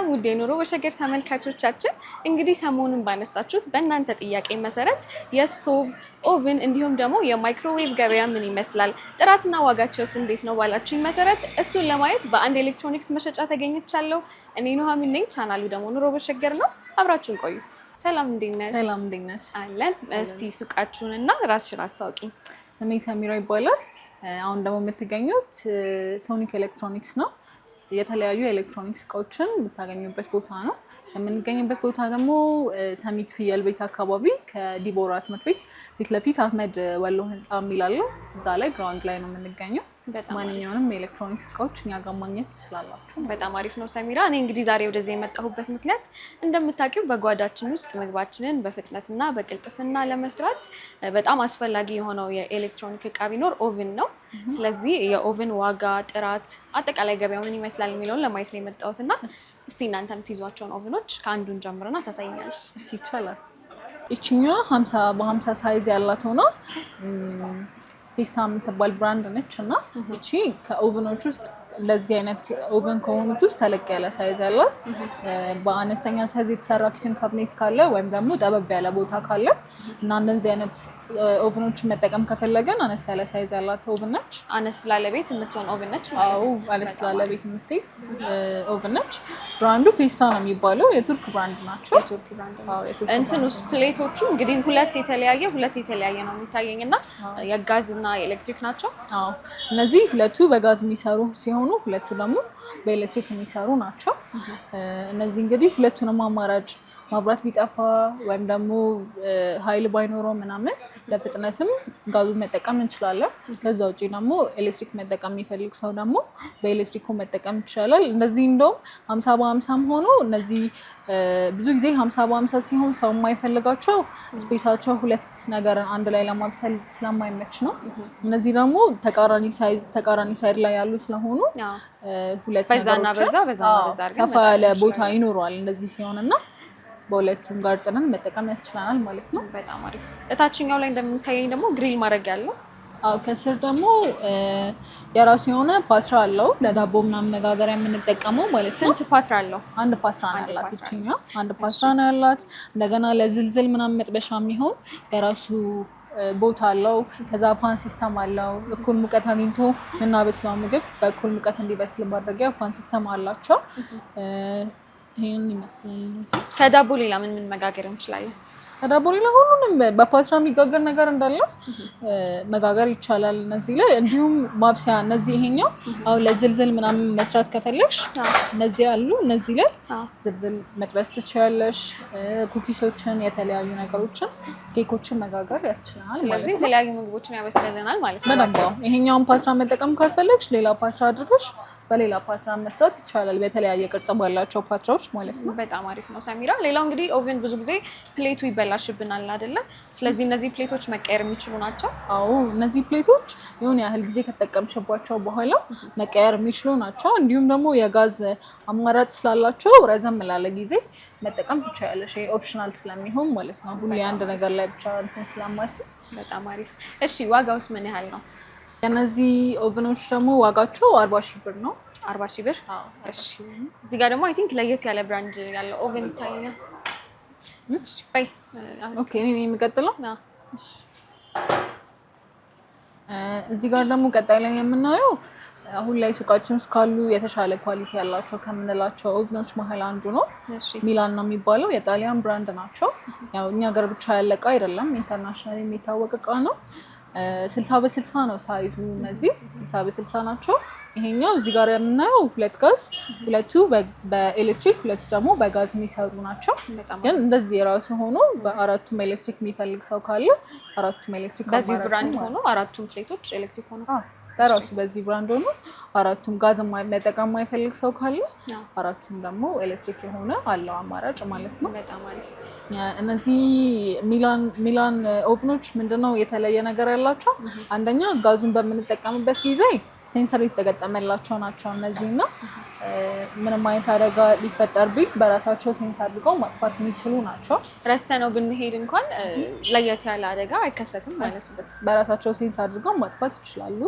ሰላም ውዴ ኑሮ በሸገር ተመልካቾቻችን፣ እንግዲህ ሰሞኑን ባነሳችሁት በእናንተ ጥያቄ መሰረት የስቶቭ ኦቭን እንዲሁም ደግሞ የማይክሮዌቭ ገበያ ምን ይመስላል፣ ጥራትና ዋጋቸውስ እንዴት ነው ባላችሁኝ መሰረት እሱን ለማየት በአንድ ኤሌክትሮኒክስ መሸጫ ተገኝቻለሁ። እኔ ኑሃሚን ነኝ፣ ቻናሉ ደግሞ ኑሮ በሸገር ነው። አብራችሁን ቆዩ። ሰላም እንዴት ነሽ? ሰላም እንዴት ነሽ? አለን። እስቲ ሱቃችሁን እና ራስሽን አስታውቂ። ስሜ ሰሚራ ይባላል። አሁን ደግሞ የምትገኙት ሶኒክ ኤሌክትሮኒክስ ነው የተለያዩ ኤሌክትሮኒክስ እቃዎችን የምታገኙበት ቦታ ነው። የምንገኝበት ቦታ ደግሞ ሰሚት ፍየል ቤት አካባቢ ከዲቦራ ትምህርት ቤት ፊት ለፊት አህመድ ወሎ ህንፃ የሚላለው እዛ ላይ ግራውንድ ላይ ነው የምንገኘው። ማንኛውንም ኤሌክትሮኒክስ እቃዎች እኛ ጋር ማግኘት ትችላላችሁ። በጣም አሪፍ ነው ሰሚራ። እኔ እንግዲህ ዛሬ ወደዚህ የመጣሁበት ምክንያት እንደምታውቂው በጓዳችን ውስጥ ምግባችንን በፍጥነትና በቅልጥፍና ለመስራት በጣም አስፈላጊ የሆነው የኤሌክትሮኒክ እቃ ቢኖር ኦቭን ነው። ስለዚህ የኦቭን ዋጋ፣ ጥራት፣ አጠቃላይ ገበያ ምን ይመስላል የሚለውን ለማየት ነው የመጣሁት እና እስቲ እናንተ የምትይዟቸውን ኦቭኖች ከአንዱን ጀምርና ታሳይኛለሽ። ይቻላል። ይችኛ በሀምሳ ሳይዝ ያላት ሆነ ፌስታ የምትባል ብራንድ ነች እና እቺ ከኦቨኖች ውስጥ እንደዚህ አይነት ኦቨን ከሆኑት ውስጥ ተለቅ ያለ ሳይዝ ያላት በአነስተኛ ሳይዝ የተሰራ ኪችን ካብኔት ካለ ወይም ደግሞ ጠበብ ያለ ቦታ ካለ እና እንደዚህ አይነት ኦቨኖችን መጠቀም ከፈለገን አነስ ያለ ሳይዝ ያላት ኦቨን ነች። አነስ ላለቤት የምትሆን ኦቨን ነች አዎ አነስ ላለቤት የምትሄድ ኦቨን ነች። ብራንዱ ፌስታ ነው የሚባለው። የቱርክ ብራንድ ናቸው። እንትን ውስጥ ፕሌቶቹ እንግዲህ ሁለት የተለያየ ሁለት የተለያየ ነው የሚታየኝ እና የጋዝ እና የኤሌክትሪክ ናቸው። እነዚህ ሁለቱ በጋዝ የሚሰሩ ሲሆኑ ሲሆኑ ሁለቱ ደግሞ በኤሌክትሪክ የሚሰሩ ናቸው። እነዚህ እንግዲህ ሁለቱንም አማራጭ ማብራት ቢጠፋ ወይም ደግሞ ኃይል ባይኖረው ምናምን ለፍጥነትም ጋዙ መጠቀም እንችላለን። ከዛ ውጭ ደግሞ ኤሌክትሪክ መጠቀም የሚፈልግ ሰው ደግሞ በኤሌክትሪኩ መጠቀም ይቻላል። እንደዚህ እንደውም ሀምሳ በሀምሳም ሆኖ እነዚህ ብዙ ጊዜ ሀምሳ በሀምሳ ሲሆን ሰው የማይፈልጋቸው ስፔሳቸው ሁለት ነገርን አንድ ላይ ለማብሰል ስለማይመች ነው። እነዚህ ደግሞ ተቃራኒ ሳይድ ላይ ያሉ ስለሆኑ ሁለት ሰፋ ያለ ቦታ ይኖረዋል እንደዚህ ሲሆን እና በሁለቱም ጋር ጥነን መጠቀም ያስችላናል ማለት ነው። በጣም አሪፍ። እታችኛው ላይ እንደሚታየኝ ደግሞ ግሪል ማድረግ ያለው አዎ፣ ከስር ደግሞ የራሱ የሆነ ፓትራ አለው ለዳቦ ምናምን መጋገሪያ የምንጠቀመው ማለት ነው። ስንት ፓትራ አለው? አንድ ፓትራ ነው ያላት ይችኛው፣ አንድ ፓትራ ነው ያላት። እንደገና ለዝልዝል ምናምን መጥበሻ የሚሆን የራሱ ቦታ አለው። ከዛ ፋን ሲስተም አለው። እኩል ሙቀት አግኝቶ የምናበስለው ምግብ በእኩል ሙቀት እንዲበስል ማድረጊያ ፋን ሲስተም አላቸው። ይሄን ይመስላል። ከዳቦ ሌላ ምን ምን መጋገር እንችላለን? ከዳቦ ሌላ ሁሉንም በፓትራ የሚጋገር ነገር እንዳለ መጋገር ይቻላል እነዚህ ላይ እንዲሁም ማብሰያ እነዚህ ይሄኛው አሁን ለዝልዝል ምናምን መስራት ከፈለግሽ እነዚህ አሉ። እነዚህ ላይ ዝልዝል መጥበስ ትችላለሽ። ኩኪሶችን፣ የተለያዩ ነገሮችን፣ ኬኮችን መጋገር ያስችላል። ስለዚህ የተለያዩ ምግቦችን ያበስልልናል ማለት ነው። ይሄኛውን ፓትራ መጠቀም ካልፈለግሽ ሌላ ፓትራ አድርገሽ በሌላ ፓትራ መስራት ይቻላል። በተለያየ ቅርጽ ባላቸው ፓትራዎች ማለት ነው። በጣም አሪፍ ነው ሰሚራ። ሌላው እንግዲህ ኦቨን ብዙ ጊዜ ፕሌቱ ይበላሽብናል አይደለ? ስለዚህ እነዚህ ፕሌቶች መቀየር የሚችሉ ናቸው። አዎ እነዚህ ፕሌቶች የሆነ ያህል ጊዜ ከተጠቀምሽባቸው በኋላ መቀየር የሚችሉ ናቸው። እንዲሁም ደግሞ የጋዝ አማራጭ ስላላቸው ረዘም ላለ ጊዜ መጠቀም ትችላለሽ። ኦፕሽናል ስለሚሆን ማለት ነው። ሁሌ አንድ ነገር ላይ ብቻ እንትን ስለማትል በጣም አሪፍ። እሺ ዋጋውስ ምን ያህል ነው? እነዚህ ኦቨኖች ደግሞ ዋጋቸው አርባ ሺህ ብር ነው። አርባ ሺህ ብር። እዚህ ጋር ደግሞ አይ ቲንክ ለየት ያለ ብራንድ ያለው ኦቨን ይታየኛል። እኔ የሚቀጥለው እዚህ ጋር ደግሞ ቀጣይ ላይ የምናየው አሁን ላይ ሱቃችን ውስጥ ካሉ የተሻለ ኳሊቲ ያላቸው ከምንላቸው ኦቭኖች መሀል አንዱ ነው። ሚላን ነው የሚባለው። የጣሊያን ብራንድ ናቸው። ያው እኛ ሀገር ብቻ ያለቀ አይደለም፣ ኢንተርናሽናል የሚታወቅ እቃ ነው። ስልሳ በስልሳ ነው ሳይዙ። እነዚህ ስልሳ በስልሳ ናቸው። ይሄኛው እዚህ ጋር የምናየው ሁለት ጋዝ፣ ሁለቱ በኤሌክትሪክ ሁለቱ ደግሞ በጋዝ የሚሰሩ ናቸው። ግን እንደዚህ የራሱ ሆኖ በአራቱም ኤሌክትሪክ የሚፈልግ ሰው ካለ አራቱም ኤሌክትሪክ በዚህ ብራንድ ሆኖ አራቱም ፕሌቶች ኤሌክትሪክ ሆኖ በራሱ በዚህ ብራንድ ሆኖ አራቱም ጋዝ መጠቀም የማይፈልግ ሰው ካለ አራቱም ደግሞ ኤሌክትሪክ የሆነ አለው አማራጭ ማለት ነው። በጣም አሪፍ እነዚህ ሚላን ኦቭኖች ምንድነው የተለየ ነገር ያላቸው? አንደኛ ጋዙን በምንጠቀምበት ጊዜ ሴንሰር የተገጠመላቸው ናቸው እነዚህ እና ምንም አይነት አደጋ ሊፈጠር ቢል በራሳቸው ሴንስ አድርገው ማጥፋት የሚችሉ ናቸው። ረስተ ነው ብንሄድ እንኳን ለየት ያለ አደጋ አይከሰትም ማለት ነው። በራሳቸው ሴንስ አድርገው ማጥፋት ይችላሉ።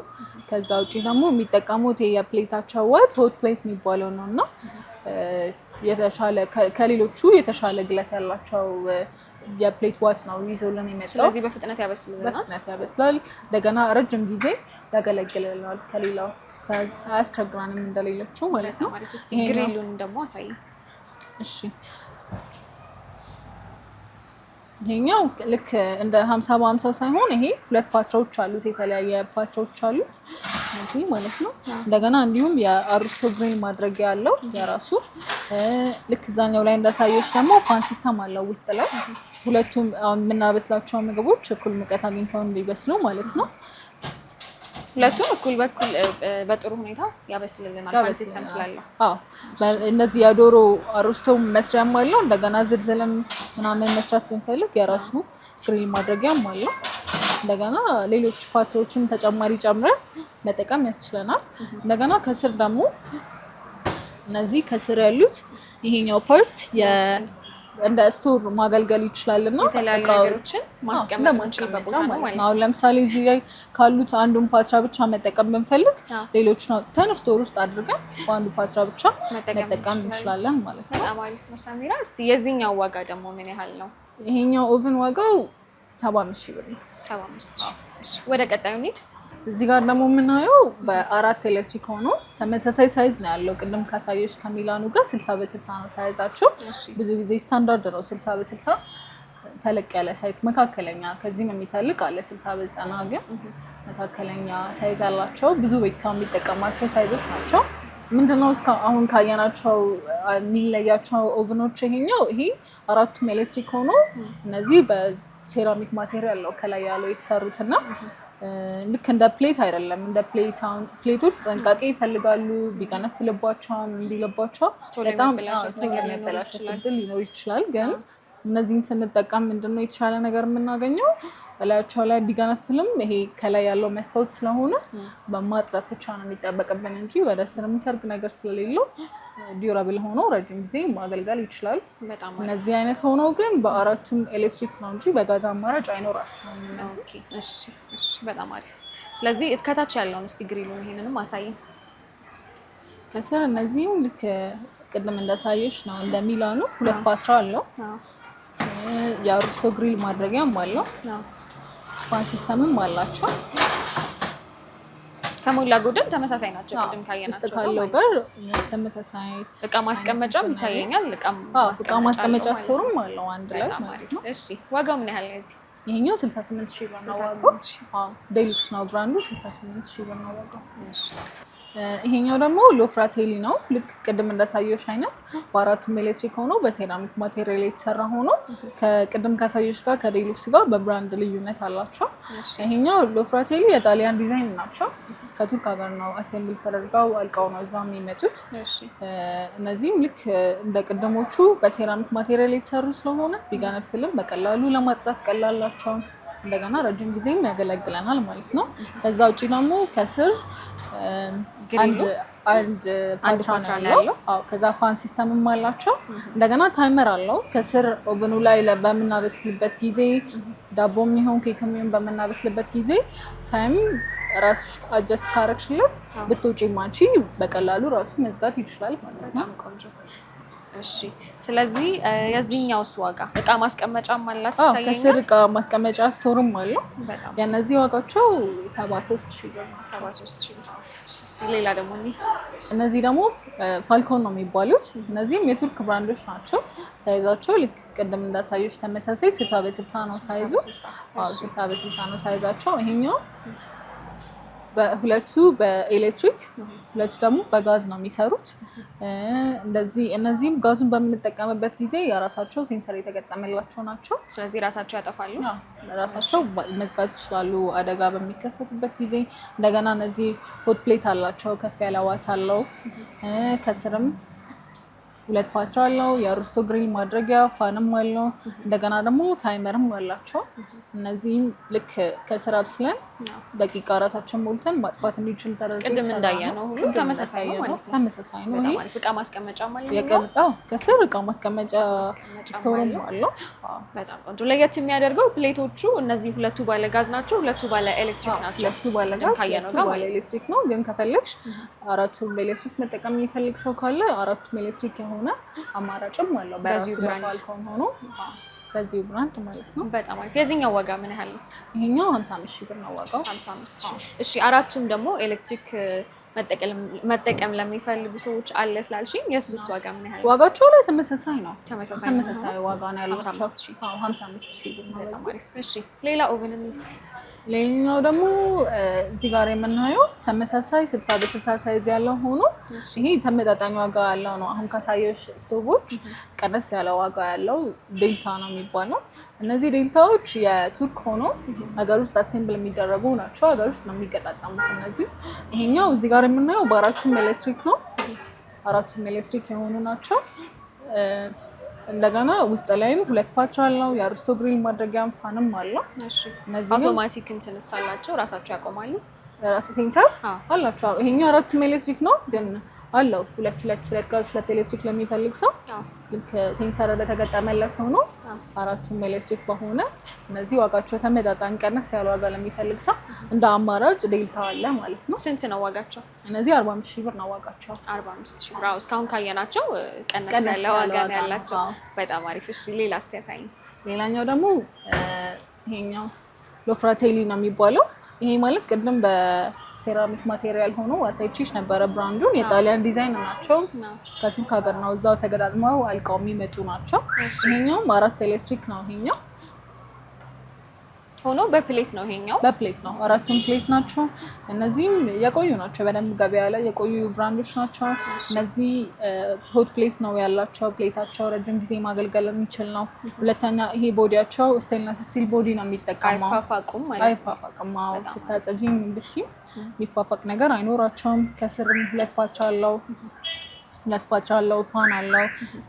ከዛ ውጭ ደግሞ የሚጠቀሙት የፕሌታቸው ወጥ ሆት ፕሌት የሚባለው ነው እና የተሻለ ከሌሎቹ የተሻለ ግለት ያላቸው የፕሌት ዋት ነው ይዘውልን የመጣው። ስለዚህ በፍጥነት ያበስልልናል በፍጥነት ያበስላል። እንደገና ረጅም ጊዜ ያገለግልናል። ከሌላው ሳያስቸግራንም እንደሌሎቹ ማለት ነው። ግሪሉን ደግሞ አሳይ እሺ። ይሄኛው ልክ እንደ ሀምሳ በሀምሳው ሳይሆን ይሄ ሁለት ፓስትራዎች አሉት፣ የተለያየ ፓትራዎች አሉት እዚህ ማለት ነው። እንደገና እንዲሁም የአርስቶ ግሬን ማድረጊያ ያለው የራሱ ልክ እዛኛው ላይ እንዳሳየች ደግሞ ፋን ሲስተም አለው ውስጥ ላይ ሁለቱም የምናበስላቸው ምግቦች እኩል ሙቀት አግኝተው እንዲበስሉ ማለት ነው። ሁለቱም እኩል በኩል በጥሩ ሁኔታ ያበስልልናል ፋን ሲስተም ስላለው። እነዚህ የዶሮ አሮስቶ መስሪያም አለው። እንደገና ዝልዝልም ምናምን መስራት ብንፈልግ የራሱ ግሪል ማድረጊያም አለው። እንደገና ሌሎች ፓትሮችም ተጨማሪ ጨምረን መጠቀም ያስችለናል። እንደገና ከስር ደግሞ እነዚህ ከስር ያሉት ይሄኛው ፓርት እንደ ስቶር ማገልገል ይችላል እና የተለያዩ ማስቀመጥ ነው። አሁን ለምሳሌ እዚህ ላይ ካሉት አንዱን ፓትራ ብቻ መጠቀም ብንፈልግ ሌሎችን አውጥተን ስቶር ውስጥ አድርገን በአንዱ ፓትራ ብቻ መጠቀም እንችላለን ማለት ነው። በጣም አሪፍ ነው ሳሚራ። እስኪ የዚህኛው ዋጋ ደግሞ ምን ያህል ነው? ይሄኛው ኦቭን ዋጋው ሰባ አምስት ሺህ ብር ነው። ሰባ አምስት ሺህ ወደ ቀጣዩ እንሂድ። እዚህ ጋር ደግሞ የምናየው በአራት ኤሌክትሪክ ሆኖ ተመሳሳይ ሳይዝ ነው ያለው። ቅድም ካሳየች ከሚላኑ ጋር ስልሳ በስልሳ ነው ሳይዛቸው። ብዙ ጊዜ ስታንዳርድ ነው ስልሳ በስልሳ ተለቅ ያለ ሳይዝ መካከለኛ፣ ከዚህም የሚተልቅ አለ ስልሳ በዘጠና ግን መካከለኛ ሳይዝ አላቸው። ብዙ ቤተሰብ የሚጠቀማቸው ሳይዞች ናቸው። ምንድነው አሁን ካየናቸው የሚለያቸው ኦቭኖች ይሄኛው ይሄ አራቱም ኤሌክትሪክ ሆኖ እነዚህ በሴራሚክ ማቴሪያል ነው ከላይ ያለው የተሰሩትና ልክ እንደ ፕሌት አይደለም። እንደ ፕሌቶች ጥንቃቄ ይፈልጋሉ። ቢቀነፍ እንዲለባቸው በጣም ሊኖር ይችላል ግን እነዚህን ስንጠቀም ምንድን ነው የተሻለ ነገር የምናገኘው? በላያቸው ላይ ቢገነፍልም ይሄ ከላይ ያለው መስታወት ስለሆነ በማጽዳት ብቻ ነው የሚጠበቅብን እንጂ ወደ ስር የሚሰርግ ነገር ስለሌለው ዲዩራብል ሆኖ ረጅም ጊዜ ማገልገል ይችላል። እነዚህ አይነት ሆነው ግን በአራቱም ኤሌክትሪክ ነው እንጂ በጋዝ አማራጭ አይኖራቸውም። በጣም አሪፍ። ስለዚህ ከታች ያለውን እስቲ ግሪሉን ይሄንንም አሳይን። ከስር እነዚህም ልክ ቅድም እንዳሳየች ነው እንደሚላኑ ሁለት ፓስራ አለው የአሮስቶ ግሪል ማድረጊያም አለው። ፋን ሲስተምም አላቸው። ከሞላ ጎደል ተመሳሳይ ናቸው። ቅድም ካየናቸው ውስጥ ካለው ጋር ተመሳሳይ እቃ ማስቀመጫም ይታየኛል። እቃ ማስቀመጫ ስቶርም አለው አንድ ላይ ማለት ነው። እሺ ዋጋው ምን ያህል እዚህ ይሄኛው 68 ሺህ ብር ነው። ዴሉክስ ነው ብራንዱ። 68 ሺህ ብር ነው ዋጋው። ይሄኛው ደግሞ ሎፍራቴሊ ነው። ልክ ቅድም እንዳሳየሽ አይነት በአራቱም ኤሌክትሪክ ሆኖ በሴራሚክ ማቴሪያል የተሰራ ሆኖ ከቅድም ካሳየሽ ጋር ከዴሉክስ ጋር በብራንድ ልዩነት አላቸው። ይሄኛው ሎፍራቴሊ የጣሊያን ዲዛይን ናቸው። ከቱርክ ሀገር ነው አሴምብል ተደርገው አልቀው ነው እዛ የሚመጡት። እነዚህም ልክ እንደ ቅድሞቹ በሴራሚክ ማቴሪያል የተሰሩ ስለሆነ ቢጋነፍልም በቀላሉ ለማጽዳት ቀላላቸውን እንደገና ረጅም ጊዜም ያገለግለናል ማለት ነው። ከዛ ውጭ ደግሞ ከስር አንድ ፓትራን ከዛ ፋን ሲስተምም አላቸው። እንደገና ታይመር አለው ከስር ኦቨኑ ላይ በምናበስልበት ጊዜ ዳቦ የሚሆን ኬክ የሚሆን በምናበስልበት ጊዜ ታይም ራስሽ አጀስት ካረግሽለት ብትውጪ ማቺ በቀላሉ ራሱ መዝጋት ይችላል ማለት ነው። እሺ ስለዚህ የዚህኛውስ ዋጋ እቃ ማስቀመጫም አላት። ከስር እቃ ማስቀመጫ ስቶርም አለው። የእነዚህ ዋጋቸው ሰባ ሶስት ሺ ሌላ ደግሞ እነዚህ ደግሞ ፋልኮን ነው የሚባሉት። እነዚህም የቱርክ ብራንዶች ናቸው። ሳይዛቸው ልክ ቅድም ተመሳሳይ ስልሳ በስልሳ ነው ሳይዙ ስልሳ በስልሳ ነው ሳይዛቸው ይሄኛው ሁለቱ በኤሌክትሪክ ሁለቱ ደግሞ በጋዝ ነው የሚሰሩት። እንደዚህ እነዚህም ጋዙን በምንጠቀምበት ጊዜ የራሳቸው ሴንሰር የተገጠመላቸው ናቸው። ስለዚህ ራሳቸው ያጠፋሉ፣ ራሳቸው መዝጋት ይችላሉ አደጋ በሚከሰትበት ጊዜ። እንደገና እነዚህ ሆት ፕሌት አላቸው፣ ከፍ ያለ ዋት አለው ከስርም ሁለት ፓትሪ አለው። የአርስቶ ግሪል ማድረጊያ ፋንም አለው። እንደገና ደግሞ ታይመርም አላቸው። እነዚህም ልክ ከስራ ብስለን ደቂቃ ራሳችን ሞልተን ማጥፋት እንዲችል ተደርገው ቅድም እንዳየነው ሁሉ ተመሳሳይ ነው። ተመሳሳይ ነው። ይሄ እቃ ማስቀመጫ ከስር እቃ ማስቀመጫ ስቶርም አለው። በጣም ቆንጆ። ለየት የሚያደርገው ፕሌቶቹ እነዚህ ሁለቱ ባለ ጋዝ ናቸው፣ ሁለቱ ባለ ኤሌክትሪክ ናቸው። ሁለቱ ባለ ጋዝ፣ ሁለቱ ባለ ኤሌክትሪክ ነው። ግን ከፈለግሽ አራቱ ኤሌክትሪክ መጠቀም የሚፈልግ ሰው ካለ አራቱ ኤሌክትሪክ ከሆነ አማራጭም አለው በራሱ በፋልኮን ሆኖ በዚሁ ብራንድ ማለት ነው። በጣም አሪፍ። የዚህኛው ዋጋ ምን ያህል ነው? ይሄኛው 55 ሺህ ብር ነው ዋጋው። 55 ሺህ። እሺ አራቱም ደግሞ ኤሌክትሪክ መጠቀም ለሚፈልጉ ሰዎች አለ ስላልሽኝ የእሱስ ዋጋ ምን ያህል? ዋጋቸው ላይ ተመሳሳይ ነው። ተመሳሳይ ዋጋ ነው ያላቸው። ሀምሳ አምስት ሌላ ኦቨን ሚስት ሌላኛው ደግሞ እዚህ ጋር የምናየው ተመሳሳይ ስልሳ በስልሳ ሳይዝ ያለው ሆኖ ይሄ ተመጣጣኝ ዋጋ ያለው ነው። አሁን ካሳየሽ ስቶቮች ቀነስ ያለ ዋጋ ያለው ዴልታ ነው የሚባለው። እነዚህ ዴልታዎች የቱርክ ሆኖ ሀገር ውስጥ አሴምብል የሚደረጉ ናቸው። ሀገር ውስጥ ነው የሚገጣጠሙት እነዚህ። ይሄኛው እዚህ ጋር ጋር የምናየው በአራቱም ኤሌክትሪክ ነው። አራቱም ኤሌክትሪክ የሆኑ ናቸው። እንደገና ውስጥ ላይም ሁለት ፓትር አለው። የአርስቶ ግሪል ማድረጊያም ፋንም አለው። እነዚህ አውቶማቲክ እንትን አላቸው፣ ራሳቸው ያቆማሉ። ራስ ሴንሰር አላቸው። ይሄኛው አራቱም ኤሌክትሪክ ነው ግን አለው ሁለት ሁለት ሁለት ጋዝ ሁለት ኤሌክትሪክ ለሚፈልግ ሰው ልክ ሴንሰር ለተገጠመለት ሆኖ አራቱም ኤሌክትሪክ በሆነ እነዚህ ዋጋቸው ተመጣጣኝ ቀነስ ያለ ዋጋ ለሚፈልግ ሰው እንደ አማራጭ ዴልታ አለ ማለት ነው። ስንት ነው ዋጋቸው? እነዚህ አርባ አምስት ሺህ ብር ነው ዋጋቸው። አርባ አምስት ሺህ ብር እስካሁን ካየናቸው ቀነስ ያለ ዋጋ ነው ያላቸው በጣም አሪፍ። እሺ ሌላ እስኪ ያሳይኝ። ሌላኛው ደግሞ ይሄኛው ሎፍራቴሊ ነው የሚባለው። ይሄ ማለት ቅድም በ ሴራሚክ ማቴሪያል ሆኖ አሳይቼሽ ነበረ። ብራንዱን የጣሊያን ዲዛይን ናቸው፣ ከቱርክ ሀገር ነው። እዛው ተገጣጥመው አልቀው የሚመጡ ናቸው። ይሄኛውም አራት ኤሌክትሪክ ነው ይሄኛው ሆኖ በፕሌት ነው ይሄኛው፣ በፕሌት ነው። አራቱም ፕሌት ናቸው። እነዚህም የቆዩ ናቸው፣ በደንብ ገበያ ላይ የቆዩ ብራንዶች ናቸው። እነዚህ ሆት ፕሌት ነው ያላቸው። ፕሌታቸው ረጅም ጊዜ ማገልገል የሚችል ነው። ሁለተኛ ይሄ ቦዲያቸው ስቴንለስ ስቲል ቦዲ ነው የሚጠቀመው። አይፋፋቁም፣ አይፋፋቅም። ስታጸጂም ብትይ የሚፋፋቅ ነገር አይኖራቸውም። ከስርም ሁለት ፓትር አለው። ሁለት ፓትር አለው፣ ፋን አለው፣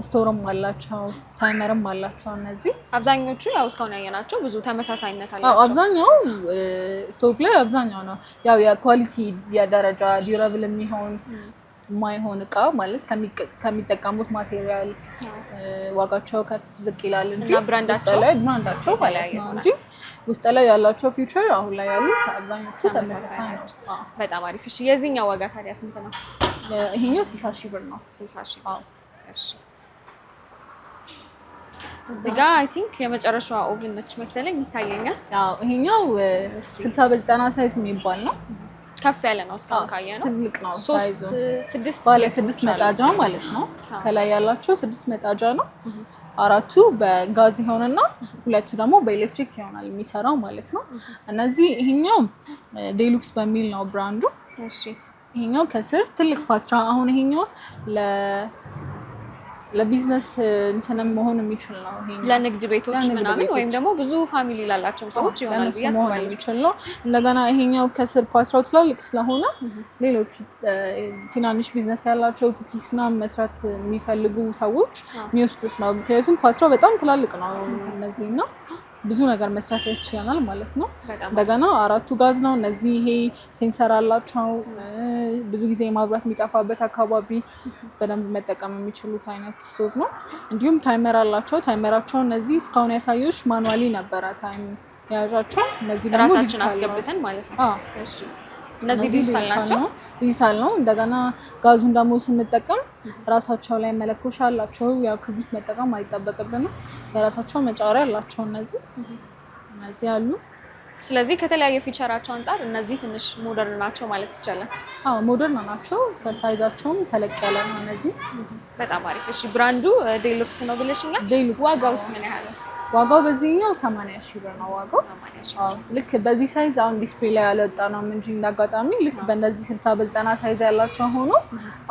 ስቶርም አላቸው፣ ታይመርም አላቸው። እነዚህ አብዛኞቹ ያው እስካሁን ያየናቸው ብዙ ተመሳሳይነት አላቸው። አብዛኛው ስቶቭ ላይ አብዛኛው ነው ያው የኳሊቲ የደረጃ ዲዩራብል የሚሆን ማይሆን እቃ ማለት ከሚጠቀሙት ማቴሪያል ዋጋቸው ከፍ ዝቅ ይላል እንጂ ላይ ብራንዳቸው ማለት ነው እንጂ ውስጥ ላይ ያላቸው ፊውቸር አሁን ላይ ያሉት አብዛኞቹ ተመሳሳይ ነው። በጣም አሪፍ። እሺ የዚህኛው ዋጋ ታዲያ ስንት ነው? ይሄኛው ስልሳ ሺህ ብር ነው። ስልሳ ሺህ ብር እሺ። እዚህ ጋር አይ ቲንክ የመጨረሻዋ ኦቭን ነች መሰለኝ ይታየኛል። አዎ ይሄኛው ስልሳ በዘጠና ሳይዝ የሚባል ነው። ከፍ ያለ ነው። እስካሁን ካየ ነው ትልቅ ነው ሳይዙ። ባለ ስድስት መጣጃ ማለት ነው። ከላይ ያላቸው ስድስት መጣጃ ነው። አራቱ በጋዝ ይሆንና ሁለቱ ደግሞ በኤሌክትሪክ ይሆናል የሚሰራው ማለት ነው። እነዚህ ይሄኛው ዴሉክስ በሚል ነው ብራንዱ ይሄኛው ከስር ትልቅ ፓትራ አሁን ይሄኛው ለቢዝነስ እንትንም መሆን የሚችል ነው። ለንግድ ቤቶች ምናምን ወይም ደግሞ ብዙ ፋሚሊ ላላቸው ሰዎች ይሆናል መሆን የሚችል ነው። እንደገና ይሄኛው ከስር ፓትራው ትላልቅ ስለሆነ ሌሎች ትናንሽ ቢዝነስ ያላቸው ኩኪስ ምናምን መስራት የሚፈልጉ ሰዎች የሚወስዱት ነው። ምክንያቱም ፓትራው በጣም ትላልቅ ነው እነዚህ ነው ብዙ ነገር መስራት ያስችለናል ማለት ነው። እንደገና አራቱ ጋዝ ነው። እነዚህ ይሄ ሴንሰር አላቸው። ብዙ ጊዜ ማብራት የሚጠፋበት አካባቢ በደንብ መጠቀም የሚችሉት አይነት ስቶቭ ነው። እንዲሁም ታይመር አላቸው። ታይመራቸው እነዚህ እስካሁን ያሳዮች ማኑዋሊ ነበረ ታይም የያዣቸው እነዚህ ደግሞ ራሳችን አስገብተን ማለት ነው። እነዚህ ዲጂታል ነው እንደገና ጋዙን ደግሞ ስንጠቀም ራሳቸው ላይ መለኮሻ አላቸው። ያው ክብሪት መጠቀም አይጠበቅብንም። የራሳቸው መጫወሪያ አላቸው። እነዚህ እነዚህ አሉ። ስለዚህ ከተለያየ ፊቸራቸው አንጻር እነዚህ ትንሽ ሞደርን ናቸው ማለት ይቻላል። አዎ ሞደርን ናቸው። ከሳይዛቸውም ተለቅ ያለ ነው። እነዚህ በጣም አሪፍ። እሺ ብራንዱ ዴሉክስ ነው ብለሽኛል። ዋጋውስ ምን ያህል ነው? ዋጋው በዚህኛው 80 ሺህ ብር ነው ዋጋው። ልክ በዚህ ሳይዝ አሁን ዲስፕሌይ ላይ ያልወጣ ነው እንጂ እንዳጋጣሚ ልክ በእነዚህ 60 በ90 ሳይዝ ያላቸው ሆኖ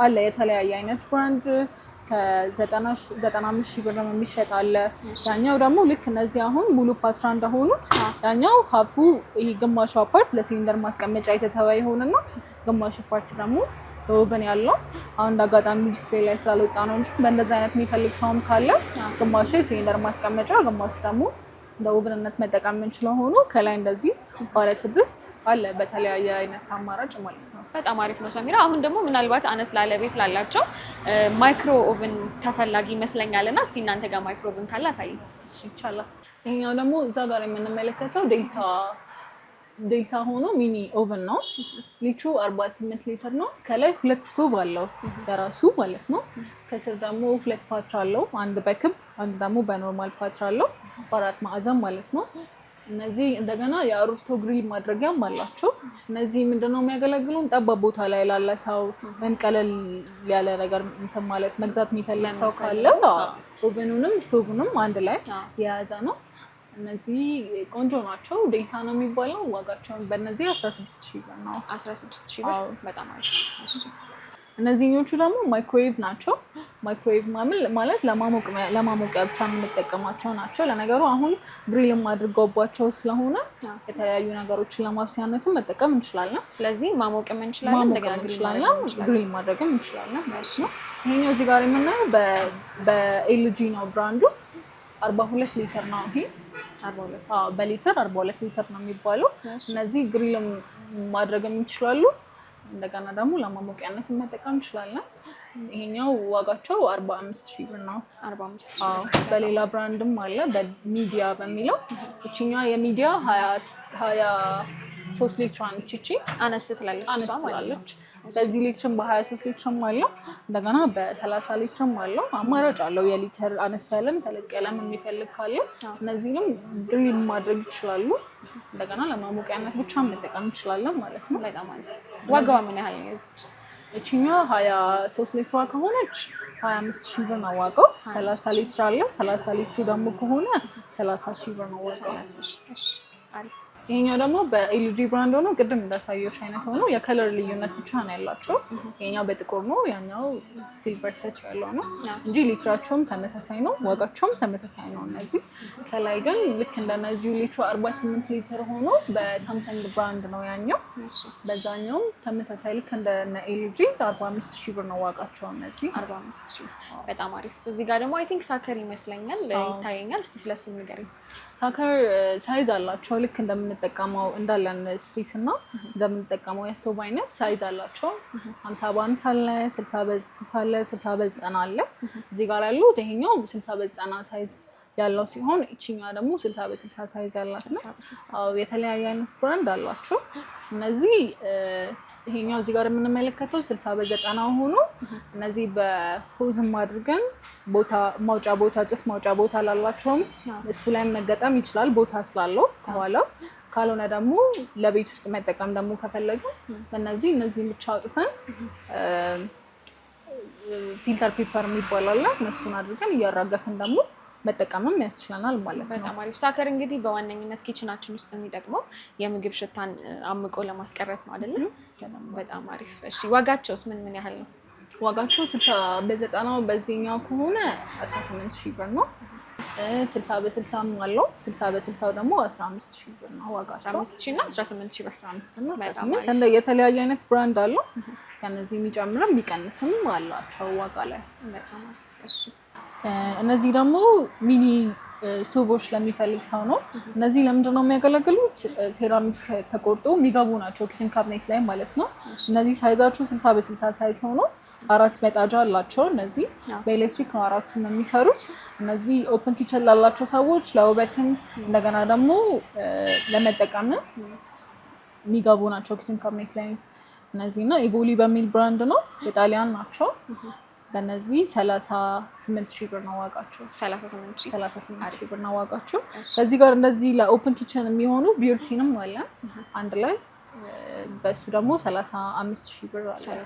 አለ የተለያየ አይነት ብራንድ ከ95 ሺህ ብር የሚሸጥ አለ። ያኛው ደግሞ ልክ እነዚህ አሁን ሙሉ ፓትራ እንደሆኑት ያኛው ሀፉ ይሄ ግማሹ ፓርት ለሲሊንደር ማስቀመጫ የተተወ ይሆንና ግማሹ ፓርት ደግሞ ኦቨን ያለው አሁን እንደ አጋጣሚ ዲስፕሌይ ላይ ስላልወጣ ነው እንጂ በእንደዚህ አይነት የሚፈልግ ሰውም ካለ ግማሹ የሲሊንደር ማስቀመጫ፣ ግማሹ ደግሞ እንደ ኦቨንነት መጠቀም የምንችለው ሆኖ ከላይ እንደዚህ ባለ ስድስት አለ በተለያየ አይነት አማራጭ ማለት ነው። በጣም አሪፍ ነው ሰሚራ። አሁን ደግሞ ምናልባት አነስ ላለ ቤት ላላቸው ማይክሮ ኦቨን ተፈላጊ ይመስለኛል እና እስቲ እናንተ ጋር ማይክሮ ኦቨን ካለ አሳይ ይቻላል። ይሄኛው ደግሞ እዛ ጋር የምንመለከተው ዴልታ ዴልታ ሆኖ ሚኒ ኦቨን ነው። ሊቹ 48 ሊትር ነው። ከላይ ሁለት ስቶቭ አለው ለራሱ ማለት ነው። ከስር ደግሞ ሁለት ፓትር አለው፣ አንድ በክብ አንድ ደግሞ በኖርማል ፓትር አለው። በአራት ማዕዘን ማለት ነው። እነዚህ እንደገና የአሮስቶ ግሪል ማድረጊያም አላቸው። እነዚህ ምንድነው የሚያገለግሉን ጠባብ ቦታ ላይ ላለ ሰው ቀለል ያለ ነገር እንትን ማለት መግዛት የሚፈልግ ሰው ካለ ኦቨኑንም ስቶቭንም አንድ ላይ የያዘ ነው። እነዚህ ቆንጆ ናቸው። ዴታ ነው የሚባለው። ዋጋቸውን በእነዚህ 16 ሺህ ብር ነው። ሺህ ብር በጣም አሪፍ። እነዚህኞቹ ደግሞ ማይክሮዌቭ ናቸው። ማይክሮዌቭ ማለት ለማሞቂያ ብቻ የምንጠቀማቸው ናቸው። ለነገሩ አሁን ብሪል አድርገውባቸው ስለሆነ የተለያዩ ነገሮችን ለማብሰያነትም መጠቀም እንችላለን። ስለዚህ ማሞቅም እንችላለን፣ ብሪል ማድረግም እንችላለን። ይሄኛው እዚህ ጋር የምናየው በኤልጂ ነው ብራንዱ። ሁለት ሊትር ነው ይሄ በሊትር አርባ ሁለት ሊትር ነው የሚባሉ እነዚህ ግሪልም ማድረግ የሚችላሉ። እንደገና ደግሞ ለማሞቂያነት መጠቀም እንችላለን። ይሄኛው ዋጋቸው አርባ አምስት ሺህ ብር ነው። በሌላ ብራንድም አለ በሚዲያ በሚለው እችኛ የሚዲያ ሀያ ሶስት ሊትሯን ቺቺ አነስ ትላለች በዚህ ሊትርም በ23 ሊትርም አለው እንደገና በ30 ሊትርም አለው። አማራጭ አለው የሊትር አነስ ያለም ተለቅ ያለም የሚፈልግ ካለ እነዚህንም ድሪል ማድረግ ይችላሉ። እንደገና ለማሞቂያነት ብቻ መጠቀም ይችላለን ማለት ነው። ዋጋዋ ምን ያህል ነው? እችኛ ሀያ ሶስት ሊትሯ ከሆነች ሀያ አምስት ሺህ ብር ነው ዋጋው። ሰላሳ ሊትር አለ። ሰላሳ ሊትሩ ደግሞ ከሆነ ሰላሳ ሺህ ብር ነው ዋጋው። ይሄኛው ደግሞ በኤልጂ ብራንድ ሆኖ ቅድም እንዳሳየሽ አይነት ሆኖ የከለር ልዩነት ብቻ ነው ያላቸው። ይሄኛው በጥቁር ነው፣ ያኛው ሲልቨር ተች ያለው ነው እንጂ ሊትራቸውም ተመሳሳይ ነው፣ ዋጋቸውም ተመሳሳይ ነው። እነዚህ ከላይ ግን ልክ እንደነዚሁ ሊትሩ ስምንት ሊትር ሆኖ በሳምሰንግ ብራንድ ነው ያኛው። በዛኛውም ተመሳሳይ ልክ እንደነ ኤልጂ አርባ አምስት ሺህ ብር ነው ዋጋቸው እነዚህ። አርባ አምስት ሺህ በጣም አሪፍ። እዚህ ጋር ደግሞ አይ ቲንክ ሳከር ይመስለኛል ይታየኛል። እስቲ ስለሱ ንገሪኝ። ሳከር ሳይዝ አላቸው ልክ እንደምን የምንጠቀመው እንዳለን ስፔስ እና እንደምንጠቀመው የስቶቭ አይነት ሳይዝ አላቸው። ሀምሳ በአምሳ አለ፣ ስልሳ በዘጠና አለ። እዚህ ጋር ያሉት ይሄኛው ስልሳ በዘጠና ሳይዝ ያለው ሲሆን እችኛ ደግሞ ስልሳ በስልሳ ሳይዝ ያላት ነው። የተለያየ አይነት ብራንድ አሏቸው እነዚህ። ይሄኛው እዚህ ጋር የምንመለከተው ስልሳ በዘጠና ሆኖ እነዚህ በሆዝም አድርገን ቦታ ማውጫ ቦታ ጭስ ማውጫ ቦታ ላላቸውም እሱ ላይ መገጠም ይችላል ቦታ ስላለው ከኋላው። ካልሆነ ደግሞ ለቤት ውስጥ መጠቀም ደግሞ ከፈለጉ በእነዚህ እነዚህ ብቻ አውጥተን ፊልተር ፔፐር የሚባል አለ እነሱን አድርገን እያራገፍን ደግሞ መጠቀምም ያስችለናል ማለት ነው። በጣም አሪፍ ሳከር እንግዲህ በዋነኝነት ኪችናችን ውስጥ የሚጠቅመው የምግብ ሽታን አምቆ ለማስቀረት ነው አይደለም? በጣም አሪፍ። እሺ ዋጋቸውስ ምን ምን ያህል ነው? ዋጋቸው ስልሳ በዘጠናው በዚህኛው ከሆነ አስራ ስምንት ሺህ ብር ነው። ስልሳ በስልሳ አለው። ስልሳ በስልሳው ደግሞ አስራ አምስት ሺህ ብር ነው ዋጋቸው። አስራ አምስት ሺህ እና አስራ ስምንት ሺህ ብር። አስራ አምስት እና አስራ ስምንት እንደ የተለያየ አይነት ብራንድ አለው። ከነዚህ የሚጨምርም ቢቀንስም አሏቸው ዋጋ ላይ በጣም አሪፍ እሱ እነዚህ ደግሞ ሚኒ ስቶቮች ለሚፈልግ ሰው ነው። እነዚህ ለምንድን ነው የሚያገለግሉት? ሴራሚክ ተቆርጦ የሚገቡ ናቸው ኪችን ካብኔት ላይ ማለት ነው። እነዚህ ሳይዛቸው ስልሳ በስልሳ ሳይዝ ሆኖ አራት መጣጃ አላቸው። እነዚህ በኤሌክትሪክ ነው አራቱም የሚሰሩት። እነዚህ ኦፕን ኪችን ላላቸው ሰዎች ለውበትም እንደገና ደግሞ ለመጠቀምም የሚገቡ ናቸው ኪችን ካብኔት ላይ እነዚህ እና ኢቮሊ በሚል ብራንድ ነው የጣሊያን ናቸው። በእነዚህ 38 ሺህ ብር ነው ዋጋቸው። 38 ሺህ ብር ነው ዋጋቸው። በዚህ ጋር እንደዚህ ለኦፕን ኪችን የሚሆኑ ቢዩቲንም አለ አንድ ላይ በእሱ ደግሞ 35 ሺህ ብር አለ።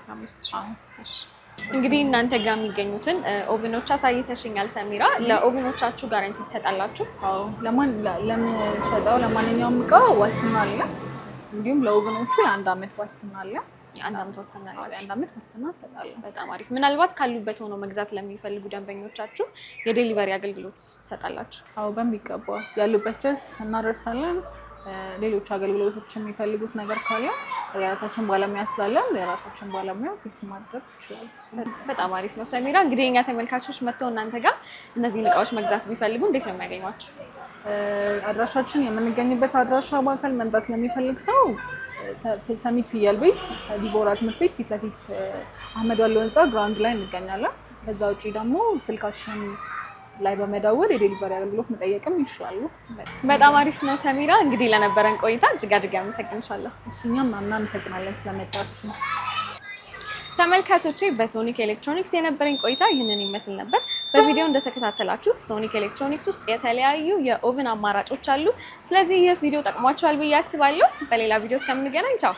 እንግዲህ እናንተ ጋር የሚገኙትን ኦቨኖች አሳይተሽኛል ሰሚራ። ለኦቨኖቻችሁ ጋራንቲ ትሰጣላችሁ? ለምንሰጠው ለማንኛውም እቃ ዋስትና አለ። እንዲሁም ለኦቨኖቹ የአንድ አመት ዋስትና አለ። አንድ ዓመት ዋስትና አንድ ዋስትና በጣም አሪፍ። ምናልባት ካሉበት ሆኖ መግዛት ለሚፈልጉ ደንበኞቻችሁ የዴሊቨሪ አገልግሎት ትሰጣላችሁ? አዎ በሚገባ ያሉበት ድረስ እናደርሳለን። ሌሎች አገልግሎቶች የሚፈልጉት ነገር ካለ የራሳችን ባለሙያ ስላለን የራሳችን ባለሙያ ፌስ ማድረግ ይችላል። በጣም አሪፍ ነው። ሰሚራ እንግዲህ የኛ ተመልካቾች መጥተው እናንተ ጋር እነዚህን እቃዎች መግዛት ቢፈልጉ እንዴት ነው የሚያገኟቸው? አድራሻችን የምንገኝበት አድራሻ በአካል መምጣት ለሚፈልግ ሰው ሰሚት ፍየል ቤት ዲቦራ ትምህርት ቤት ፊት ለፊት አህመድ ያለው ህንፃ ግራንድ ላይ እንገኛለን። ከዛ ውጭ ደግሞ ስልካችን ላይ በመደወል የዴሊቨሪ አገልግሎት መጠየቅም ይችላሉ። በጣም አሪፍ ነው። ሰሚራ እንግዲህ ለነበረን ቆይታ እጅግ አድርጌ አመሰግንሻለሁ። እሱኛም አምና አመሰግናለን ስለመጣችሁ። ተመልካቾቼ በሶኒክ ኤሌክትሮኒክስ የነበረኝ ቆይታ ይህንን ይመስል ነበር። በቪዲዮ እንደተከታተላችሁት ሶኒክ ኤሌክትሮኒክስ ውስጥ የተለያዩ የኦቭን አማራጮች አሉ። ስለዚህ ይህ ቪዲዮ ጠቅሟችኋል ብዬ አስባለሁ። በሌላ ቪዲዮ እስከምንገናኝ ቻው።